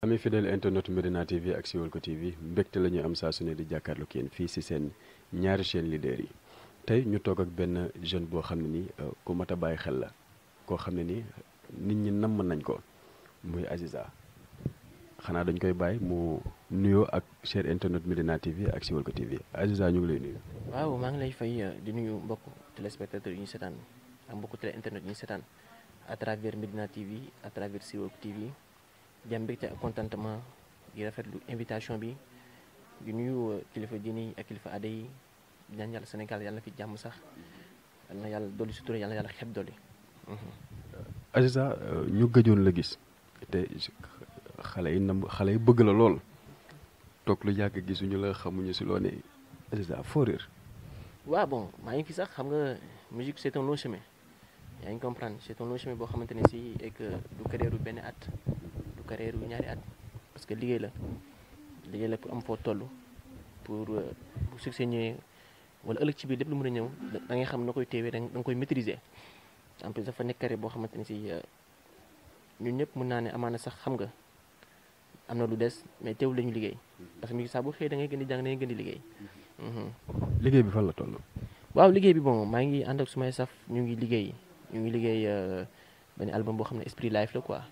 ami fidèle internet Medina TV ak Siweulko TV mbégte la ñuy am saa su ne di jàkkaarlu kenn fii si seen ñaari chaîne leader yi tey ñu toog ak benn jeune boo xam ne nii euh, ku mat a bàyyi xel la koo xam ne ni nit ñi namm nañ ko muy Aziza xanaa dañ koy bàyyi mu nuyoo ak chaîne internet Medina TV ak Siweulko TV Aziza ñu ngi lay nuyu. waaw maa ngi lay fay euh, di nuyu mbokku téléspectateurs yi ñu seetaan ak mbokku télé internet yi ñu seetaan à travers Medina TV à travers Siweulko TV. di am mbégte ak contentement rafet rafetlu invitation bi di nuyu euh, kilifa diini ak kilifa aada yi di ñaan Sénégal yàlla na fi jàmm sax yàlla na yàlla dolli sutura yàlla na yàlla xeb dolli. Mhm. Aziza euh, ñu gëjoon la gis te xale yi nam xale yi bëgg la lool toog lu yàgg gisuñu la xamuñu si loo ne Aziza foo réer. waaw bon maa ngi fi sax xam nga musique c'est un long chemin yaa ngi comprendre c'est long chemin boo xamante ne si et du carrière benn at. carrière bu ñaari at parce que liggéey la liggéey la pour am foo toll pour euh, bu succès ñëwee wala ëllëg ci biir lépp lu mën a ñëw da xam na koy téewee da nga koy maîtriser en plus dafa boo xamante ni si euh, ñun ñëpp mën naa ne amaana sax xam nga na lu des mais teewul la liggéey parce que mi ngi saa bu xëyee da gën di jàng da ngay gën di liggéey. Mhm. liggéey bi fan la toll. waaw liggéey bi bon maa ngi ànd ak sumay saf ñu ngi liggéey ñu ngi liggéey euh, benn album boo xam ne Esprit Life la quoi.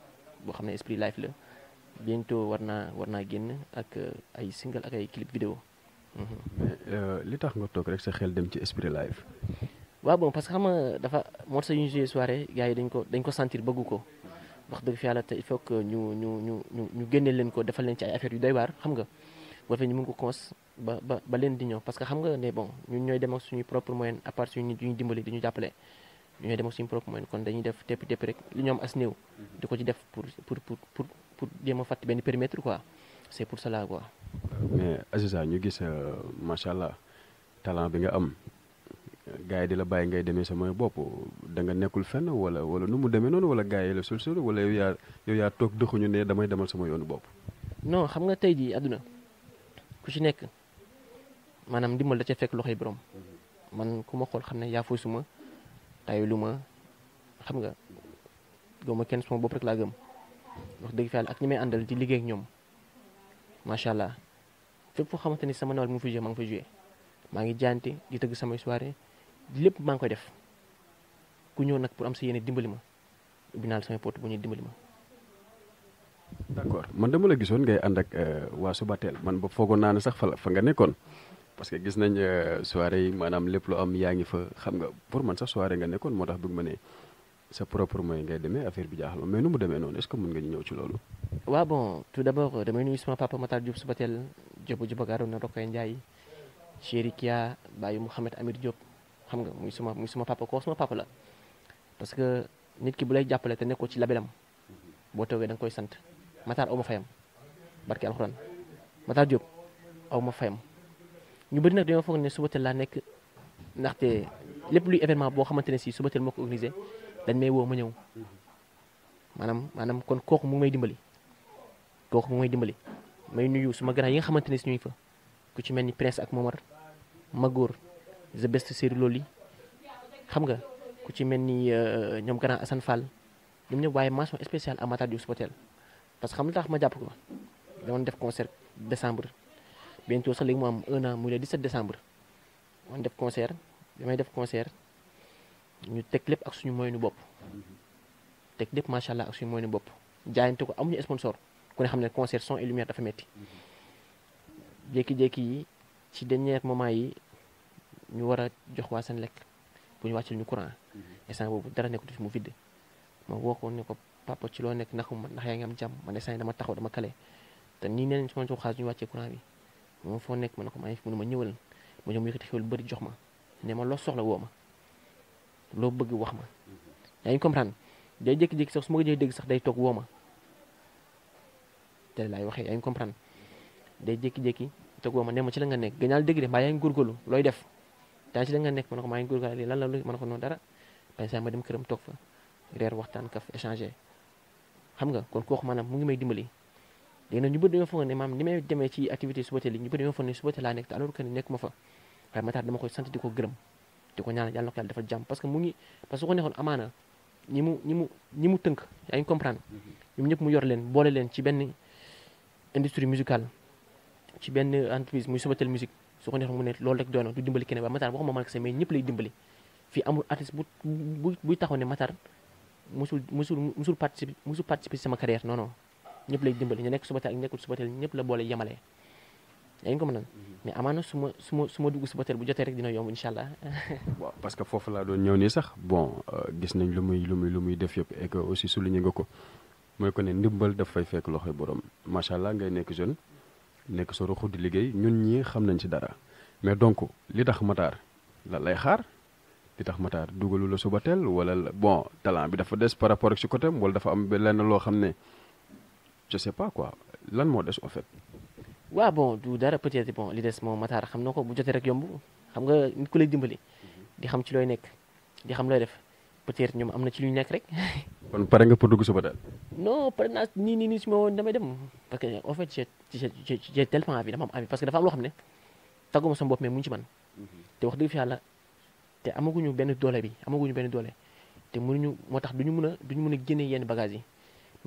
boo xam ne esprit life la bientôt war naa war naa génn ak euh, ay single ak ay clip vidéo euh, li tax nga toog rek sa xel dem ci esprit life waaw bon parce que xam nga dafa morceau yu ñu joué soirée gars yi dañ ko dañ ko sentir bëggu ko wax dëgg fi yàlla te il ñu ñu ñu ñu ñu génne leen ko defal leen ci ay yu day waar xam nga boo fee ñu mën ko cons ba ba ba leen di ñëw parce que xam nga ne bon ñun ñooy dem ak suñuy propre moyen à part nit yu ñu dimbali di ñu jàppale ñooy dem ak suñu propre moyen kon dañuy def tepp tepp rek li ñoom as néew. Mhm. di ko ci def pour pour pour pour pour jéem benn périmètre quoi c' est pour cela quoi. mais Aziza ñu gis euh, macha allah talent bi nga am gars yi di la bàyyi ngay demee sama bopp da nga nekkul fenn wala wala nu mu demee noonu wala gars yi la sul sul wala yow yaa yow toog dëxuñu ne damay demal sama yoonu bopp. non xam nga tey jii àdduna ku ci nekk maanaam ndimbal da ca fekk loxo borom mhm. man ku ma xool xam ne yaa suma taayu lu ma xam nga gëmuma kenn sama bopp rek laa gëm wax dëgg fa yàlla ak ñi may àndal di liggéey ak ñoom macha allah fépp foo xamante ni sama nawal mu ngi fi joué maa ngi fa joué maa ngi jaante di tëgg samay soirée lépp maa ngi koy def ku ñëw nag pour am sa yéene dimbali ma ubbi naa la samay porte bu ñuy dimbali ma. d' accord man dama la gisoon ngay ànd ak euh, waa Subatel man ba foogoon naa ne sax fa fa nga nekkoon. parce que gis nañ euh, soirée yi maanaam lépp lu am yaa ngi fa xam nga pour man sax soirée nga nekkoon moo tax bëgg ma ne sa propre moyen ngay affaire bi jaaxal ma mais nu mu demee noonu est ce que mën nga ñu ñëw ci loolu. waaw bon tout d' abord euh, damay nuyu sama papa Matar Diop Subatel Diop Diop ak Arona Rokhaya Ndiaye Chéri Kia Baye Mouhamed Amir Diop xam nga muy suma suma papa koo suma papa la. parce que nit ki bu lay jàppale te nekkoo ci labelam boo toogee da koy sant Matar aw ma fayam barki alxuraan Matar Diop aw ma fayam. ñu bëri nag dañoo foog ne Subatel laa nekk ndaxte lépp luy événement boo xamante ne si Subatel moo ko organisé dañ may woo ma ñëw maanaam maanaam kon kooku mu may dimbali kooku mu may dimbali may nuyu suma grand yi nga xamante ne si ñu fa ku ci mel ni Prince ak Momar Magor the best série loolu xam nga ku ci mel ni euh, ñoom grand Assane Fall ñoom ñëw waaye mention spéciale à Matar Diouf Subatel parce que xam nga tax ma jàpp ko dama def concert décembre. bientôt sax léegi mu am un an muy le 17 décembre man def concert def concert ñu teg lépp ak suñu moyenu bopp teg lépp macha allah ak suñu moyenu bopp jaayante ko amuñu sponsor ku ne xam ne concert son et dafa metti jékki-jékki yi ci dernier moment yi ñu war a jox waa seen lekk bu ñu wàccul ñu courant instant fi mu vidde ma woo ko ko loo nekk ndax man ndax yaa ngi am jàmm dama taxaw dama kale te nii nee nañ su ma jox ñu wàccee courant bi moom foo nekk ma ne ko maa ngi fi mu ne ma ñëwal ma ñëw mu yëkkati xéwal bëri jox ma nee ma loo soxla woo loo bëgg wax ma yaa ngi comprendre day jëkki jékki sax su ma ko jëlee sax day toog woo ma laay waxee yaa ngi day jékki-jékki toog ma ne ma ci la nga nekk gënaal dégg de mbaa yaa ngi góorgóorlu looy def daa ci la nga nekk ma ne ko maa ngi góorgóorlu lan la lu ma ne ko noonu dara pensa ma dem këram toog fa reer waxtaan kaf échanger xam nga kon koo maanaam mu ngi may dimbali léegi nag ñu bëri dañoo foog ne maam ni may demee ci activité suba teel yi ñu bëri foog ne suba teel laa nekk te alors nekk ma fa waaye Matar dama koy sant di ko gërëm di ko ñaanal yàlla na ko yàlla defal jàmm parce que mu ngi ñi mu ñi mu ñi tënk yaa ngi comprendre mhm. ñoom ñëpp mu yor leen boole leen ci benn industrie musicale ci benn entreprise muy Subatel musique su ko neexoon mu ne loolu rek doy na du dimbali keneen waaye Matar waxuma man kese mais ñëpp lay dimbali fii amul artiste bu bu buy taxaw ne Matar musul musul musul participer musul sama carrière non ñëpp lay dimbali ñu nekk Subatel ak nekkul Subatel ñëpp la boole yemale yaa ngi ko mën a mhm. mais amaana su ma su ma su ma dugg Subatel bu jotee rek dina yomb incha allah. bon parce que foofu laa doon ñëw nii sax bon euh, gis nañ lu muy lu muy lu muy def yëpp aussi su lu souligné nga ko mooy ko ne ndimbal daf fay fekk loxoy borom macha allah ngay nekk jeune nekk sa ruxu di liggéey ñun ñii xam nañ ci dara mais donc li tax Matar la lay xaar. li tax mataar dugalu la Subatel wala bon talent bi dafa des par rapport ak si côté wala dafa am lenn loo xam ne. je sais pas quoi lan moo des en fait. bon du dara peut-être bon li des moom mataar xam na ko bu jotee rek yomb xam nga nit ku lay dimbali. Mhm. di xam ci looy nekk di xam looy def peut-être ñoom am na ci lu nekk rek. kon pare nga pour dugg suba daal. non pare naa nii nii nii su ma woon damay dem parce que en fait j'ai j'ai j'ai tellement envie dama am envie parce que dafa am loo xam ne tàgguma sama bopp mais mu ngi ci man mhm. te wax dëgg fi yàlla te amaguñu benn doole bi amaguñu benn doole te mënuñu moo tax duñu mën a duñu mën a génne yenn bagages yi.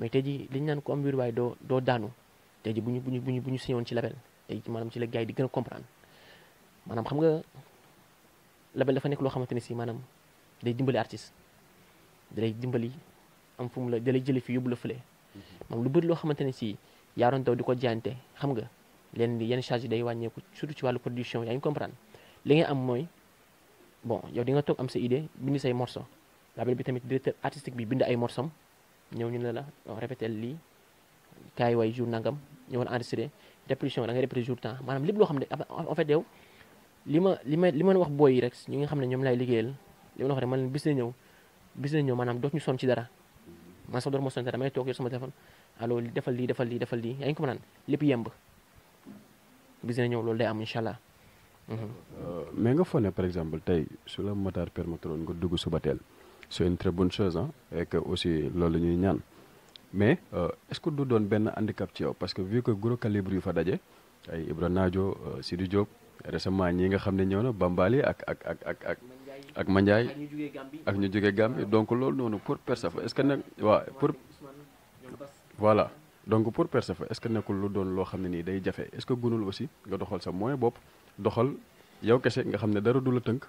mais tey ji liñ naan ko am wiir waaye doo doo daanu te ji bu ñu bu ñu bu ñu bu ñu signéwoon ci label tey maanaam ci la gars yi di gën a comprendre maanaam xam nga label dafa nekk loo xamante ne si maanaam day dimbali artiste day dimbali am fu mu la dalay jële fi yóbbu la fële moom lu bëri loo xamante ne si yaa doon daw di ko jaante xam nga leen di yenn charge day wàññeeku surtout ci wàllu production yaa ngi li nga am mooy bon yow di nga toog am sa idée bind say morceau label bi tamit directeur artistique bi bind ay morceau ñëw ñu ne la répété lii kaay way jour nangam ñëwal enregistré répétition da ngay répété jour temps maanaam lépp loo xam ne en fait yow li ma li ma li wax booy yi rek ñu ngi xam ne ñoom laay liggéeyal li ma wax rek man bis na ñëw bis ñëw maanaam dootuñu sonn ci dara man sax dootuma sonn ci dara may toog yor sama téléphone alors defal lii defal lii defal lii yaa ngi ko mën a naan lépp yemb bis na ñëw loolu day am incha allah. Euh, mais nga foog ne par exemple tey su la Matar permettre nga dugg suba teel. c'est une très bonne que aussi loolu ñuy ñaan mais euh, est-ce que du doon benn handicap ci yow parce que vu que guro calibre yu fa daje ay Ibra Nadio euh, Sidi Diop récemment ñi nga xam ne ñëw na Bambali ak ak ak ak ak ak Mandiaye ak ñu jógee Gambie donc loolu noonu pour Persefa est-ce que nag waaw pour voilà donc pour Persefa est-ce que nekkul lu doon loo xam ne nii day jafe est-ce que gunul aussi nga doxal sa moyen bopp doxal yow kese nga xam ne dara du la tënk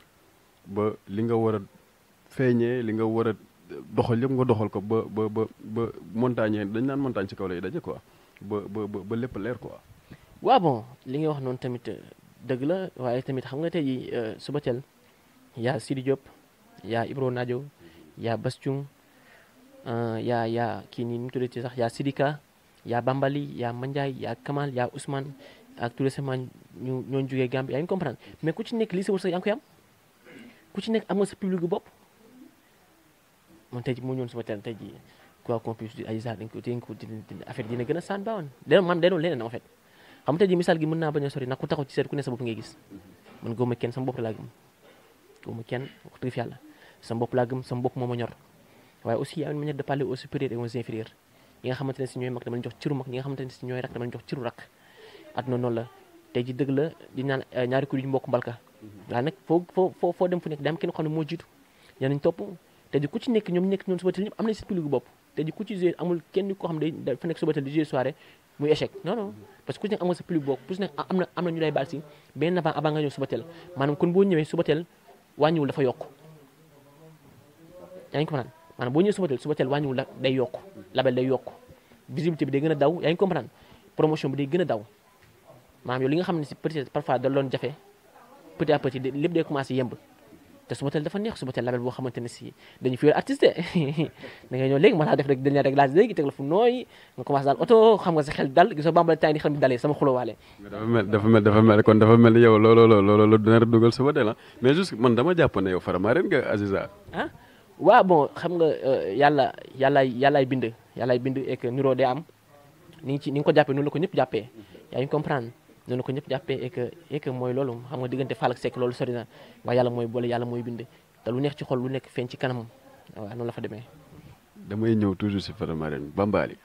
ba li nga war feeñee li nga war a doxal yëpp nga doxal ko ba ba ba ba montagne dañ naan montagne ci kaw lay daje quoi ba ba ba lépp leer quoi. waa bon li nga wax noonu tamit euh, dëgg la waaye tamit xam nga tey jii euh, suba teel yaa Sidi Diop yaa Ibro Nadio yaa Bass Thioung euh, yaa yaa kii nii nu mu tuddati sax yaa Sidika yaa Bambali yaa Mandiaye yaa Kamal yaa Ousmane ak tout récemment ñu ñoo jugee Gambie yaa ngi mais ku ci nekk lii sa wërsëg yaa ngi koy ku ci nekk am nga sa public bopp. man tey ji mu ñëwoon sama teel tey ji quoi qu'on puisse dina gën a saan baawoon leneen man denoon leneen en fait xam tey ji misaal gi mën naa bañ a sori nag ku taxaw ci seet ku ne sa bopp ngay gis man gëwma kenn kenn a une manière de parler si ñooy mag dama jox ciru rak dama leen jox la tey dëgg la di ñaan eh, ñaari kuréel yu mbalka mm-hmm. foo dem fu nekk daam kenn xam ne moo jiitu ñeneen topp te di ku ci nekk ñoom nekk ñoom Subatel ñëpp am nañ seen public bopp te di ku ci joué amul kenn koo di joué soirée muy échec non non parce que ku ci nekk amoon sa public bopp ku ci na am nga ñëw Subatel maanaam kon boo ñëwee Subatel wàññiwul dafa yokk yaa ngi comprendre maanaam boo ñëwee Subatel Subatel wàññiwul la day yokk label day yokk visibilité bi day gën a daw yaa ngi comprendre promotion bi day gën a daw maanaam yow li nga xam ne si peut-être parfois da loon jafe petit à petit lépp day commencé yemb te Subatel dafa neex Subatel label boo xamante ne si dañu fi yor artiste da ngay ñëw léegi moo tax def rek dañ leen réglage léegi teg la fu nooy nga commencé daal oto xam nga sa xel dal gisoo bambala temps ni xel mi dalee sama xulóowaale dafa dafa mel dafa mel dafa mel yow looloo looloo dina la dugal ah. mais juste man dama jàpp ne yow faramaaren nga Aziza ah waaw bon xam nga euh, yàlla yàllaay yàllaay bind bind et que niroo day am ni ko jàppee noonu la ko noonu ko ñëpp jàppee et que et que mooy loolu xam nga diggante Fall ak Seck loolu sori na waaye yàlla mooy boole yàlla mooy bind te lu neex ci xol lu nekk feeñ ci kanamam waaw noonu la fa demee. damay ñëw toujours si Fada Marème Bambaali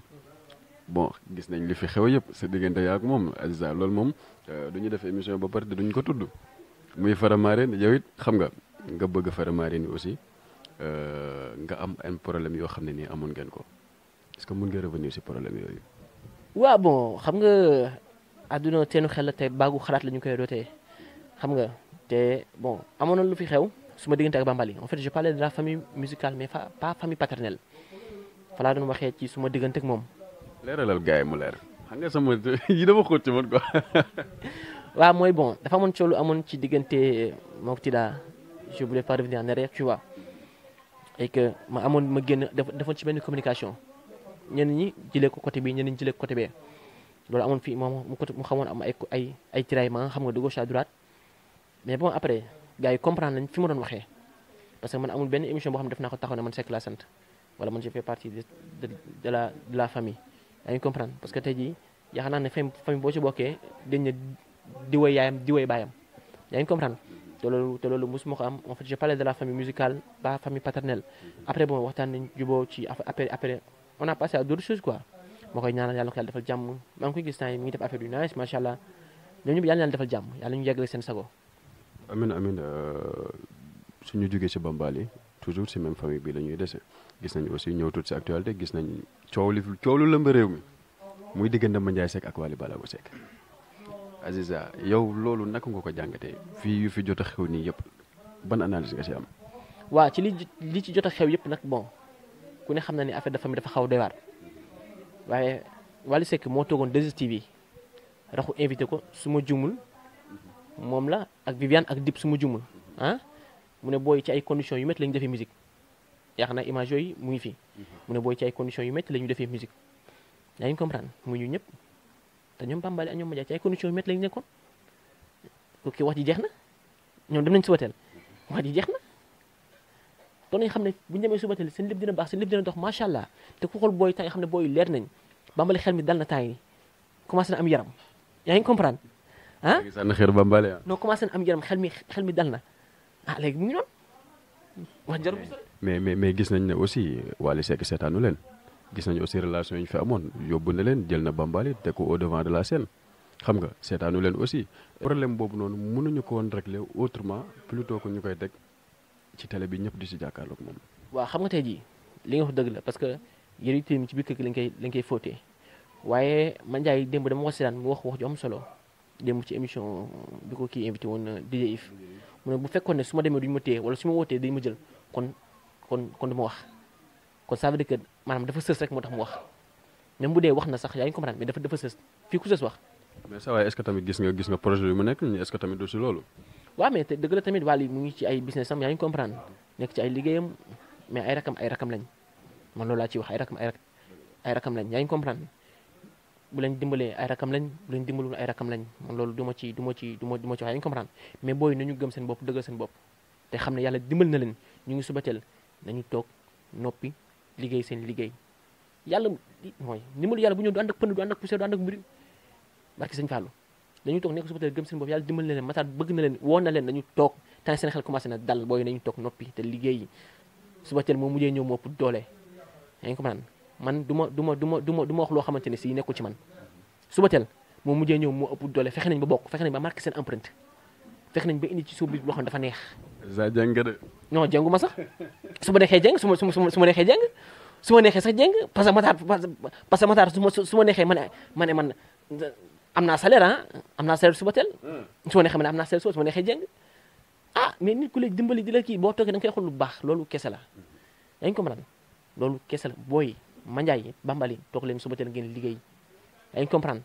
bon gis nañ li fi xew yëpp sa diggante yaa ak moom Aziza loolu moom euh, du ñu def émission ba pare te duñ ko tudd muy Fada Marème yow it xam nga nga bëgg Fada Marème aussi euh, nga am ay problème yoo xam ne nii amoon ngeen ko est que mun nga revenir si problème yooyu. àdduna teenu xel la ba baagu xalaat la ñu koy dootee xam nga te bon amoon na lu fi xew su ma diggante ak Bambali en fait je parlais de la famille musicale mais pas famille paternelle fa laa doon waxee ci su ma diggante ak moom. leeralal gars yi mu leer xam nga sama yi dama xóot ci man quoi. mooy bon dafa amoon coow lu amoon ci diggante euh, moom Tida je voulais pas revenir en arrière tu vois et ma amoon ma génn defoon ci benn communication ñenn ñi jëlee ko côté bi ñenn ñi jëlee ko côté bee. loolu amoon fii moom mu côté mu xamoon am ay ay ay tiraillement xam nga de gauche à mais bon après gars yi comprendre nañ fi ma doon waxee parce que man amul benn émission boo xam ne naa ko taxaw ne man Seck laa sant wala man je partie de la famille. yaa ngi comprendre parce que tey jii yaakaar naa ne famille boo ci bokkee te loolu te ko am en fait je parlais de la famille musicale ba famille paternelle après bon waxtaan nañ juboo ci après on a passé à d'autres choses quoi. moo koy ñaanal yàlla ko yàlla defal jàmm maa ngi koy gis temps yi mi ngi def affaire yu nice macha allah ñoom ñëpp yàlla yàlla defal jàmm yàlla ñu yeggale seen euh, suñu jógee si Bambaali toujours si même famille bi la ñuy dese gis nañu aussi ñëw tuuti si actualité gis nañ coow li coow lu lëmb réew mi muy diggante Mandiaye Seck ak Wally Ballago Seck Aziza yow loolu naka nga ko jàngatee fii yu fi jot a xew nii yëpp ban analyse nga si am waa ci li li ci jot a xew yëpp nag bon ku ne xam na ne affaire de famille dafa xaw doy waar waaye Wally Seck moo toogoon 2STV yi raxu invité ko suma jumul moom la ak Viviane ak Dip su ma jumul ah mu ne booy ci ay conditions yu métti la ñu defee musique yaakaar naa image yooyu mu ngi fi mu ne booy ci conditions yu métti la ñu defee musique yaa ngi mu ñu ñëpp te ñoom Bambale ak ñoom Madiaye ci ay conditions yu métti la ñu ko kooku wax ji jeex na ñoom dem nañ si wax ji jeex na. doon nañ xam ne bu ñu demee suba teel seen lépp dina baax seen lépp dina dox macha allah te ku xool booy xam ne booy leer nañ bambale xel mi dal na temps yi commencé na am yaram yaa ngi comprendre ah. sànni xeer ah. na am yaram xel mi xel mi dal na ah léegi mu ngi noonu wax jarul. mais mais mais gis nañ ne aussi Wally Seck seetaanu leen gis nañ aussi relation yi ñu fi amoon yóbbu na leen jël na bambale te ko au de la scène. xam nga seetaanu leen aussi problème boobu noonu mënuñu ko woon régler autrement plutôt que ñu koy teg ci tele bi ñëpp di si jàkkaarloog moom. waaw xam nga tey jii li nga wax dëgg la parce que yëri téem ci biir kër gi lañ koy koy fóotee waaye man Ndiaye démb dama ko si daan mu wax wax ju am solo démb ci émission bi ko kii invité woon euh, DJ If mu ne bu fekkoon ne su ma demee duñu ma téye wala su ma wootee dañ ma jël kon kon kon du ma wax kon ça dafa sës rek moo tax mu bu dee wax na sax yaa ngi comprendre mais dafa dafa sës fii ku sës wax. tamit gis nga gis nga projet bi mu nekk est-ce tamit du si loolu. waaw mais dëgg la tamit Wally mu ngi ci ay business am yaa ngi comprendre nekk ci ay liggéeyam mais ay rakam ay rakam lañ man loolu laa ciy wax ay rakam ay rak ay rakam lañ yaa ngi bu leen dimbalee ay rakam lañ bu leen dimbalul rakam lañ man loolu du ma ci du ma du ma du ci wax yaa ngi comprendre mais booy nañu gëm seen bopp dëggal seen bopp te xam ne yàlla dimbal na leen ñu ngi subateel nañu toog noppi liggéey seen liggéey yàlla mooy ndimbalu yàlla bu ñëw du ànd ak pënd du ànd ak poussière du ànd ak barki sëñ Fallou dañu toog nekk supporter gëm seen bopp yàlla dimbal na leen Matar bëgg na leen woon na leen dañu toog temps seen xel commencé dal booy nañu toog noppi te liggéey yi supporter moo mujjee ñëw moo ëpp doole yaa ngi ne si nekkul ci man subatel moo mujjee ñëw moo ëpp fexe nañ ba bokk fexe nañ ba marqué seen empreinte fexe nañ ba indi ci suuf loo xam dafa neex sa jàng de non jàngu ma sax su ma neexee jàng su ma su ma su ma neexee jàng su ma neexee sax que Matar parce que Matar su neexee ma ne am naa salaire ah am hmm. am naa salaire suba su ma neexee jëng ah, mais nit ku lay dimbali di la kii boo toogee da nga koy xool lu baax loolu kese la hmm. yaa ngi comprendre loolu kese la booy manjaay bambali toog leen suba teel ngeen liggéey yaa ngi comprendre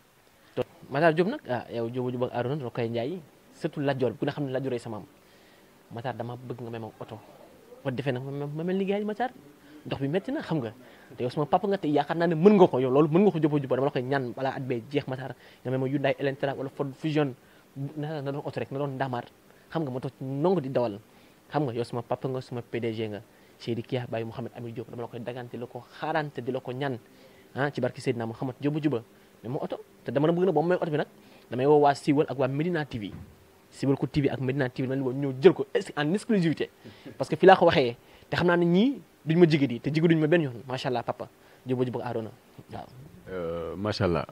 Matar Diop nag ah yow Diop Diop ak Arouna Rokhaya Ndiaye surtout Lat Dior ku ne xam ne Lat Dior ay samaam Matar dama bëgg nga may ma oto ba defee nag ma mel ndox bi métti na xam nga te yow sama papa nga te yaakaar naa ne mën nga ko yow loolu mën nga ko jubóo jubóo dama la koy ñaan balaa at bee jeex Matar nga may ma Hyundai Elantra wala Ford Fusion na doon oto rek na doon ndaamaar xam nga ma toog nongu di dawal xam nga yow sama papa nga sama PDG nga Seydi Kiya Baye Mouhamed ko xaarante na boo may oto bi nag damay woo waa Siwal ak waa Medina TV Siwal ko TV ak Medina TV dama la woo ñëw jël ko en exclusivité parce que fi laa ko te xam naa ne ñii duñ ma jigéen yi te jigéen duñ ma benn yoon macha allah papa jubóo jubóo aarona waaw. Euh, macha allah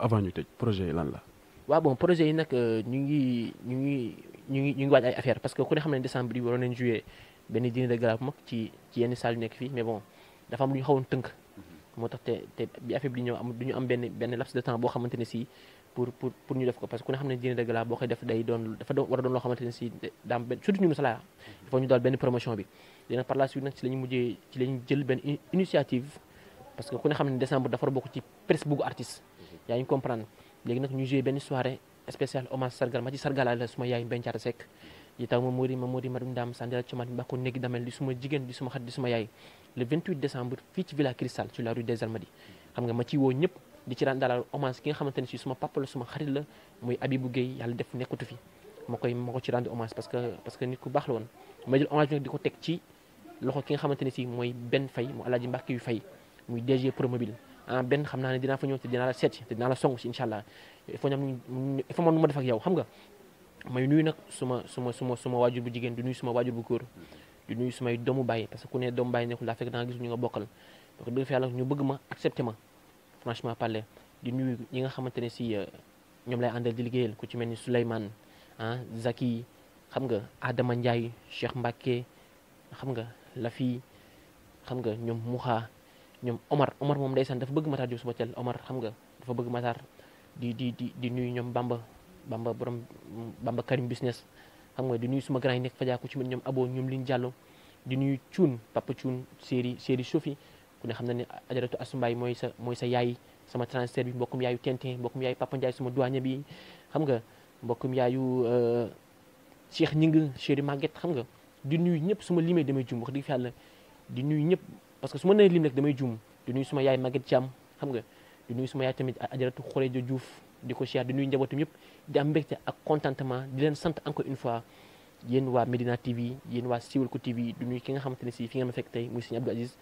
avant ñu tëj projet yi lan la. waaw bon projet yi nag euh, ñu ngi ñu ngi ñu ngi ñu ngi waaj ay affaire parce que ku ne xam ne décembre yi waroon nañ jouer benn dîner de gala bu ci yenn salle nekk fii mais bon dafa am lu ñu xawoon tënk. moo tax te te bi affaire bi ñëw ñu am benn laps de temps boo xamante ne si pour pour pour ñu def ko parce que ku ne xam ne dîner de gala boo koy day doon dafa xamante ne si daam benn surtout ñu daal benn promotion bi. léegi nag par la suite nag ci la mujjee ci la jël benn initiative parce que ku ne xam ne décembre dafa bokk ci presse bugg artiste mhm. yaa ngi comprendre léegi nag ñu joué benn soirée spéciale hommage sargal ma ci sargala la suma yaay Mbengue Thiata Seck yi taw ma moo ma moo di madame Dame Sandela Thiamat nekk damel di suma jigéen la suma xarit la muy Abibou Guèye yàlla def nekkatu fi ma koy ma ko ci rendre hommage parce que nit ku baax la woon ma jël hommage loxo ki nga xamante ne si mooy benn fay mu alaaji mbàkk yu fay muy DG Promobile ah benn xam naa ne dinaa fa ñëw te dinaa la seet te dinaa la song si incha allah foo fa ma nu ma def ak yow xam nga may nuyu nag suma suma suma suma waajur bu jigéen du nuyu suma waajur bu góor du nuyu sumay doomu bàyyi parce que ku ne doomu bàyyi nekkul laa fekk danga gis ñu nga bokkal donc dëgg fa yàlla ñu bëgg ma accepté ma franchement parler di nuyu ñi nga xamante ne si euh, ñoom lay àndal di liggéeyal ku ci mel ni Souleymane ah Zaki xam nga Adama Ndiaye Cheikh Mbacke nga la fii xam nga ñoom muxaa ñoom Omar Omar moom ndeysaan dafa bëgg Matar Diop suba teel Omar xam nga dafa bëgg Matar di di di di nuyu ñoom Bamba Bamba borom Bamba Karim business xam nga di nuyu suma grand yi nekk fajaa ku ci mën ñoom Abo ñoom liñ jàllo di nuyu cuun papa cuun séeri séeri sofi ku ne xam na ne ajaratu asumbaay mooy sa mooy sa yaay sama transfert bi mbokkum yaayu Tintin mbokkum yaayu Papa Ndiaye sama douanier bi xam nga mbokkum yaayu euh, Cheikh Ñing chéri Maguette xam nga di nuyu ñëpp su ma limee damay juum wax dëgg fi yàlla di nuyu ñëpp parce que su ma nee lim rek damay juum di nuyu suma yaay Maguette Thiam xam nga di suma yaay tamit ajaratu Khoreja Diouf di ko siyaar di nuyu njabootam yëpp di am mbégte ak contentement di leen sant encore une fois yéen waa Medina TV yéen waa Siweul ko TV di nuyu ki nga xamante ne si fi nga ma fekk tey muy sëñ Abdou Aziz